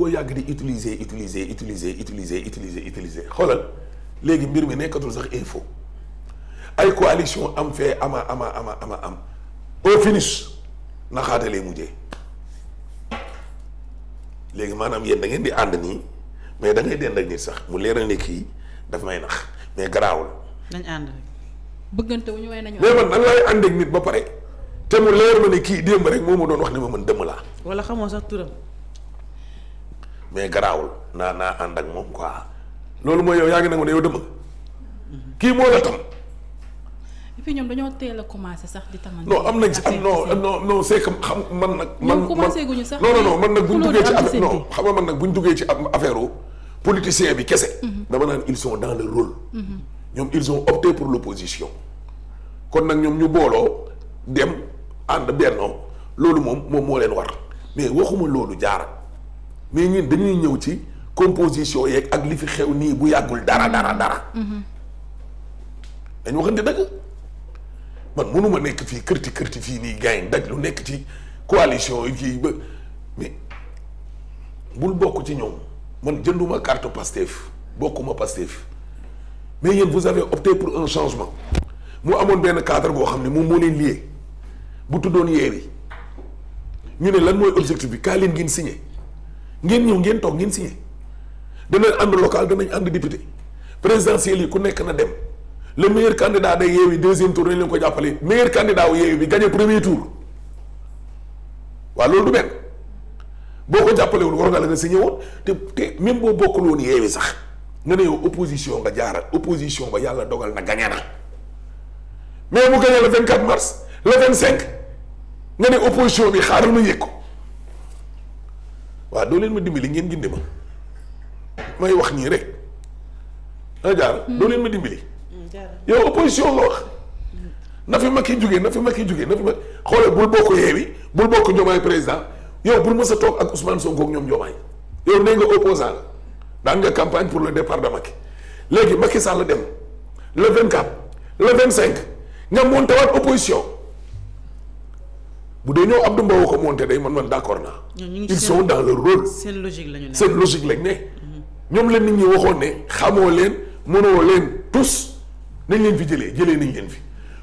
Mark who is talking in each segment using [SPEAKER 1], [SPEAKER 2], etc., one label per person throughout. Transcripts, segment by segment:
[SPEAKER 1] koo yàgg di utiliser utiliser utiliser utiliser utiliser utiliser xoolal léegi mbir mi nekkatul sax info ay coalition am fee ama ama ama ama am au finish naxaate lay mujjee léegi maanaam yéen da ngeen di ànd nii mais da ngay dend ak nit sax mu leeral ne kii daf may nax mais garaawul.
[SPEAKER 2] nañ ànd bëggante wu ñu waaye nañu. mais man nan
[SPEAKER 1] laay ànd nit ba pare te mu leer ma ne kii démb rek moo ma doon wax ne ma mën dëmm laa.
[SPEAKER 2] wala xamoo sax turam.
[SPEAKER 1] mais garaawul naa naa ànd ak moom quoi loolu mooy yow yaa ngi nangu ne yow kii moo la tam.
[SPEAKER 2] et puis ñoom commencé sax di tamante. non
[SPEAKER 1] am ci am non non non c'est que xam man nag. man commencé guñu sax non non non man nag bu ñu duggee ci affaire xam nga man nag bu ñu duggee ci affaire politicien bi kese. Mhm. dama naan ils sont dans le
[SPEAKER 2] mhm.
[SPEAKER 1] ñoom ils ont opté pour l'opposition kon nag ñoom ñu booloo dem ànd bennoo loolu moom moom moo leen war mais waxuma loolu jaar. mais ñun dañuy ñëw ci composition yeeg ak li fi xew nii bu yàggul dara dara dara. Mm-hmm. dañu waxante dëgg man mënuma nekk fii kërti kërti fii nii gars yi lu nekk ci coalition yi kii ba mais bul bokk ci ñoom man jënduma carte Pastef bokkuma Pastef mais yéen vous avez opté pour un changement mu amoon benn cadre boo xam ne moom moo leen lié bu tuddoon Yewwi ñu ne lan mooy objectif bi kaa leen ngeen signé ngeen ñëw ngeen toog ngeen signé danañ ànd local danañ ànd député présidentiel yi ku nekk na dem le meilleur candidat day yeewi deuxième tour dañ leen ko jàppale meilleur candidat wu yeewi bi gagné premier tour waaw loolu du benn boo ko jàppalewul war nga la nga signé woon te te même boo bokkul woon yeewi sax nga ne yow opposition nga jaaral opposition ba yàlla dogal na gagné na mais mu gagné le 24 mars le 25 nga ne opposition bi xaaral ma yëg ko waaw doo leen ma dimbali ngeen gindi ma may wax nii rek ah hmm. doo leen ma dimbali. Hmm, yow opposition nga wax. na fi Macky jógee na fi Macky jógee na fi Macky xoolal bul bokk Yewwi bul bokk Diomaye président yow bul mës a toog ak Ousmane Sonko ak ñoom Diomaye yow nee nga opposant daan nga campagne pour le départ de Macky léegi Macky Sall dem la le 24 le 25 nga monté waat opposition. bu dee ñëw Abdou Mbow ko monté day man man d' accord naa. ils sont dans leur rôle.
[SPEAKER 3] seen logique
[SPEAKER 1] la ñu ne seen logique lañ ne. Mhm. ñoom la nit ñi waxoon ne xamoo leen mënoo leen tous nañ leen fi jëlee jëlee nañ leen fi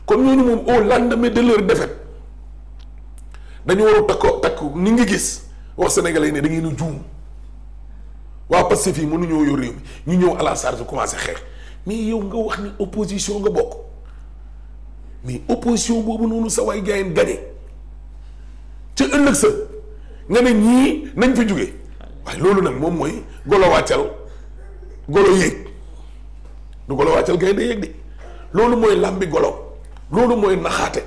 [SPEAKER 1] kon ñooñu moom au lendemain de leur défaite dañu war a takko takku ni nga gis wax sénégalais ne da ngeen a juum waa Pastef fii mënuñoo yor réew mi ñu ñëw à la charge commencé xeex mais yow nga wax ni opposition nga bokk mais opposition boobu noonu sa waay gars yi ca ëllëg sa nga ne ñii nañ fi jóge waaye loolu nag moom mooy golo wàccal golo yéeg du golo wàccal gaynde yéeg di loolu mooy làmbi golo loolu mooy naxaate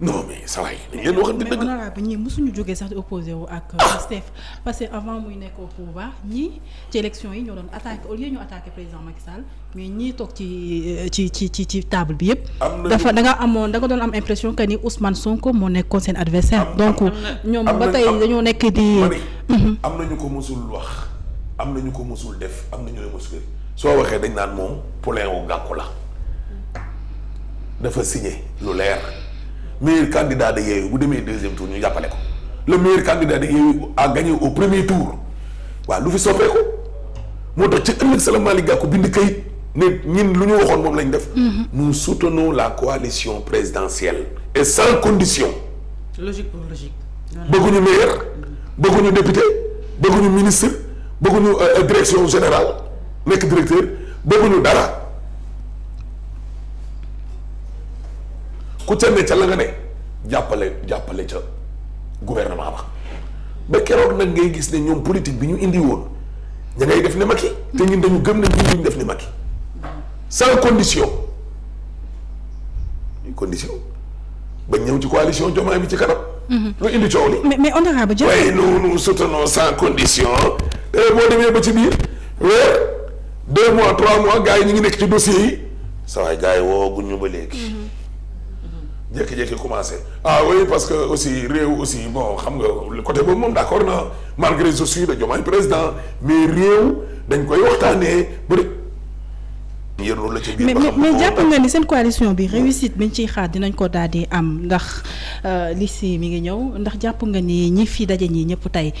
[SPEAKER 1] non mais saa yi dañ leen waxante dëgg mais
[SPEAKER 2] honorable ñii mosuñu jógee sax di opposé wu ak Pastef euh, parce que avant muy nekk au baax ñii ci élection yi ñoo doon attaqué au lieu ñu attaqué président Macky Sall mais ñii toog ci euh, ci ci ci ci table bi yëpp. dafa da nga amoon da nga doon am impression que ni Ousmane Sonko moo nekkoon seen adversaire donc
[SPEAKER 1] ñoom ba tey dañoo
[SPEAKER 2] nekk di. Mhm.
[SPEAKER 1] am nañu ko mosul wax am nañu ko mosul def am nañu ko mosul soo waxee dañ naan moom poulain wu gàkku la dafa signé meilleur candidat de Yewwi bu demee deuxième tour ñu jàppale ko le meilleur candidat de Yewwi a gagné au premier tour waaw lu fi soppeeku moo tax ci ëllëg Sala Malick Gakou bind kayit ne ñin lu ñu waxoon moom lañ def. Mm-hmm. nous soutenons la coalition présidentielle. et sans condition.
[SPEAKER 3] logique pour logique.
[SPEAKER 1] bëgguñu maire bëgguñu député bëgguñu ministre bëgguñu euh, euh, direction générale nekk directeur bëgguñu dara. ku ca ne ca la nga ne jàppale jàppale ca gouvernement ba ba keroog nag ngay gis ne ñoom politique bi ñu indi woon ña ngay def ne Macky te ñun dañu gëm ne ñun duñ def ne Macky sans condition condition ba ñëw ci coalition Diomaye bi ci kanam. Mhm. lu indi coow li. mais mais honorable Diop. waaye nous nous soutenons sans condition. Eh, boo demee ba ci biir weer deux mois trois mois gars yi ñu ngi nekk ci dossier yi. saa waay gars yi wooguñu ba léegi. Mhm. jékki-jékki commencé ah oui parce que aussi réew aussi bon xam nga le côté boobu moom d' accord na malgré je suis le Diomaye président mais réew dañ koy waxtaanee bëri. yéen loolu la ci biir mais jàpp nga
[SPEAKER 2] ni seen coalition bi réussite biñ ciy xaar dinañ ko daal di am ndax euh, li si mi ngi ñëw ndax jàpp nga ni ñi fi daje ñii ñëpp tey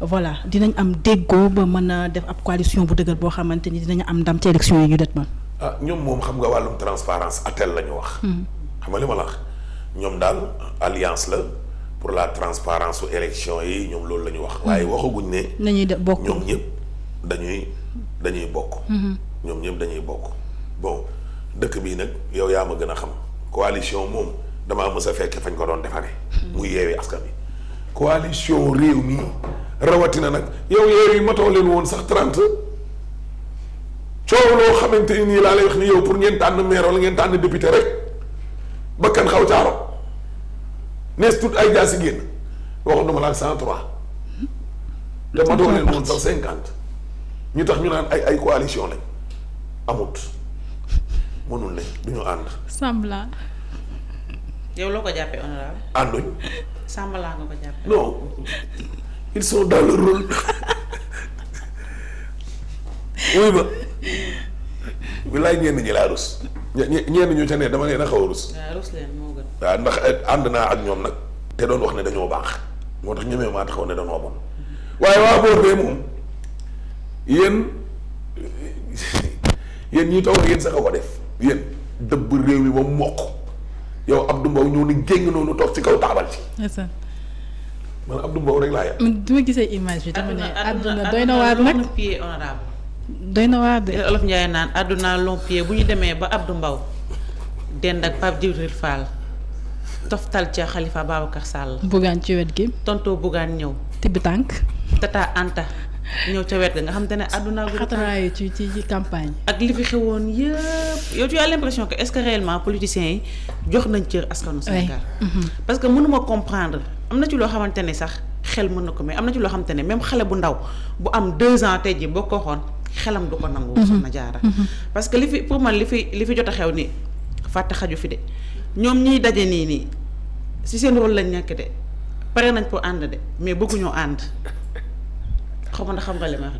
[SPEAKER 2] voilà dinañ am déggoo ba mën a def ab coalition bu dëgër boo xamante ni dinañ am ndam ci élection yi ñu det ma
[SPEAKER 1] ah, ñoom moom xam nga wàllum transparence atel la ñu wax. Hmm. xam nga li ma la ñoom daal alliance la pour la transparence su élection yi ñoom loolu lañu wax. waaye hmm. waxaguñ ne.
[SPEAKER 2] nañuy bokk ñoom
[SPEAKER 1] ñëpp dañuy dañuy bokk. ñoom ñëpp dañuy bokk bo dëkk bii nag yow yaa ma gën a xam coalition moom damaa mës a fekk fañ ko doon defaree. muy yeewee askan bi coalition réew mi rawatina nag yow yeew yi matoo woon sax trente coow loo xamante ni laa lay wax ni yow pour ngeen tànn maire wala ngeen tànn député rek. bakkan xaw caaro nees tut ay jaasi génn waxoon dama la ak cent trois te ma doon leen moom sax cinquante ñu tax ñu naan ay ay coalition la amut mënul ne du ñu ànd
[SPEAKER 3] semblant yow loo ko jàppee honorable ànduñ semblant nga ko jàppee
[SPEAKER 1] non ils ñenn ñi laa rus ñenn ñu ca ne dama leen a xaw a rus. waaw rus leen ndax eh, ànd naa ak ñoom nag te doon wax ne dañoo baax moo tax ñemee maa taxaw ne dañoo bon waaye waa boor bee moom yéen yéen ñi toog yéen sax a ko def yéen dëbb réew mi ba mokk yow Abdou Mbow ñëw ni géng noonu toog ci kaw taabal ci. man Abdou Mbow rek laa
[SPEAKER 2] yem. du ma gisee image bi. dama ne àdduna doy na waar nag doy na waa de eh, Olof Ndiaye naan àdduna
[SPEAKER 3] lompier bu ñu demee ba Abdou Mbaw dend ak Pape Djibril Fall toftal ca Khalifa Babacar Sall.
[SPEAKER 2] bugaan ci wet gi. tontoo bugaan ñëw. tibb tànk. tata
[SPEAKER 3] Anta ñëw ca wet ga nga xam te ne àdduna. xataraayu
[SPEAKER 2] ci ci ci campagne. ak li fi xewoon
[SPEAKER 3] yëpp yow tu as l'impression que est-ce que réellement politiciens yi jox nañ cër askanu Sénégal. Mm-hmm. parce que mënuma comprendre am na ci loo xamante ne sax xel mën na ko mais am na ci loo xamante ne même xale bu ndaw bu am deux ans tey jii xelam du ko nangu. Mm-hmm. soxna jaara mm-hmm. parce que li fi pour man li fi li fi jot a xew ni fàtte xaju fi de ñoom ñiy daje nii nii si seen rôle lañ nekk de pare nañ pour ànd de mais bëgguñoo ànd xaw ma xam nga li ma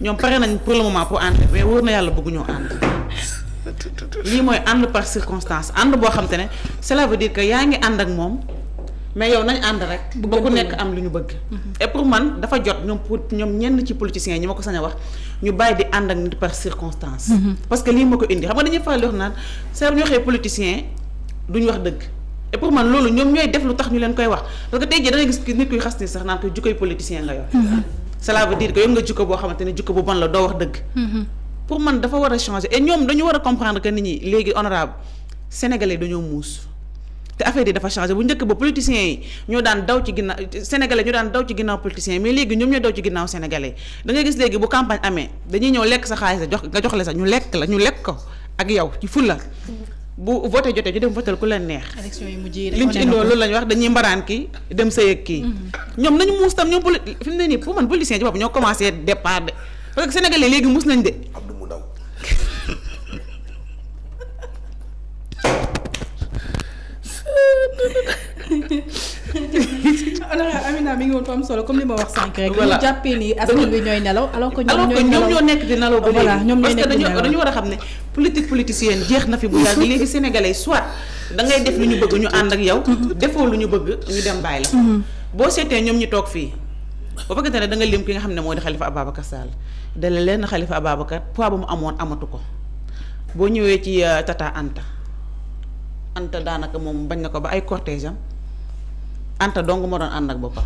[SPEAKER 3] ñoom pare nañ pour le moment pour ànd mais wóor na yàlla bëgguñoo ànd. lii mooy ànd par circonstance ànd boo xam ne cela veut dire yaa ngi ànd ak moom. mais yow nañ ànd rek ba ku nekk am lu ñu bëgg mm-hmm. et pour man dafa jot ñoom ñenn ci politiciens ñi ma ko sañ wax ñu bàyyi di ànd ak nit par circonstance mm-hmm. parce que lii ma ko indi xam nga dañuy faral wax naan saa bu ñu politicien duñu wax dëgg et pour man loolu ñoom ñooy def lu tax ñu leen koy wax parce que tey jii da gis nit kuy xas ni sax naan ko jukkoy politicien nga yor mm-hmm. cela veut dire yow nga jukko boo xamante ne jukko bu bon la doo
[SPEAKER 2] wax
[SPEAKER 3] a changer et ñoom dañu war a comprendre que nit te affaire yi dafa changé bu njëkk ba politiciens yi ñoo daan daw ci ginnaaw sénégalais ñoo daan daw ci ginnaaw politiciens yi mais léegi ñoom ñoo daw ci ginnaaw sénégalais da ngay gis léegi bu campagne amee dañuy ñëw lekk sa xaalis jox nga jox la sa ñu lekk la ñu lekk ko ak yow ci fulla bu voté jotee ñu dem votal ku leen neex.
[SPEAKER 2] élection yi mujj yi liñ ci indoo loolu
[SPEAKER 3] lañu wax dañuy mbaraan kii dem sëy ak
[SPEAKER 1] mm-hmm.
[SPEAKER 3] ñoom nañu muus tam ñoom poli fi man politiciens ci bopp ñoo commencé départ de parce que
[SPEAKER 2] alors Amina mi ngi woon fa am solo comme li ma wax sànq rek. voilà ñu jàppee ni askan bi ñooy nelaw. alors que ñoom ñoo nekk di nelaw ba léegi ñoom ñoo nekk di nelaw parce que dañu war a xam ne
[SPEAKER 3] politique politicienne jeex na fi bu daal léegi sénégalais soit da ngay def lu ñu bëgg ñu ànd ak yow. defoo lu ñu bëgg ñu dem bàyyi la. Mhm. boo seetee ñoom ñu toog fii. ba fekkente ne da nga lim ki nga xam ne moo di xalifa Ababacar Sall dala leen xalifa Ababacar poids bu mu amoon amatu ko boo ñëwee ci euh, Tata Anta Anta daanaka moom bañ na ko ba ay cortège am Anta dong moo doon ànd ak boppam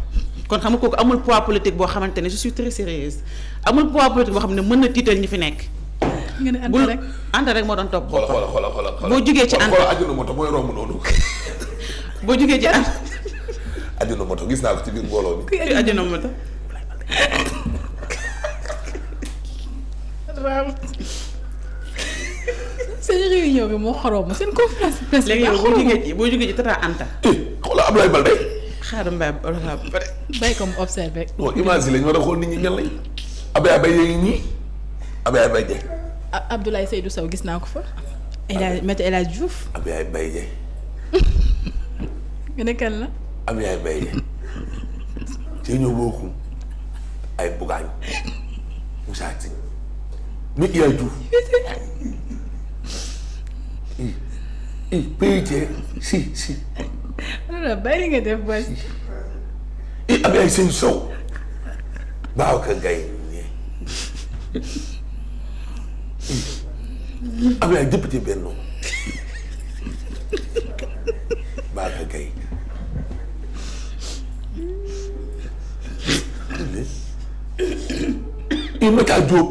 [SPEAKER 3] kon xam nga kooku amul pois politique boo xamante ne je suis très sérieuse amul poids politique boo xam ne mën na tiital ñu fi nekk.
[SPEAKER 2] nga ne Anta rek
[SPEAKER 3] Anta rek moo doon topp boppam
[SPEAKER 1] xoolal xoolal xoolal xoolal boo jugee ci Anta xoolal ajuna moto mooy boo jugee ci Anta. moto gis naa ko ci biir mbooloo bi.
[SPEAKER 3] kuy ajuna moto.
[SPEAKER 2] seen réunion bi moo xoromu seen conférence de presse. léegi yow boo jógee
[SPEAKER 3] boo jógee ci tata Anta. xoolal
[SPEAKER 1] Ablaye Balde. xaaral Mbaye a xool ñi ñan lañ. Ablaye Ablaye yaa ngi nii Ablaye Ablaye Dieng.
[SPEAKER 2] Abdoulaye Seydou Sow gis naa ko fa. El Hadj Maître El Hadj Diouf.
[SPEAKER 1] Ablaye Ablaye Dieng. nga ne kan la. Ablaye Ablaye ay Yaay Diouf. i péye si si.
[SPEAKER 2] bàyyi nga def bos.
[SPEAKER 1] i Ablaye Sène baaw ka gay i Ablaye député Benno baaw ka gay
[SPEAKER 2] i Mata Diop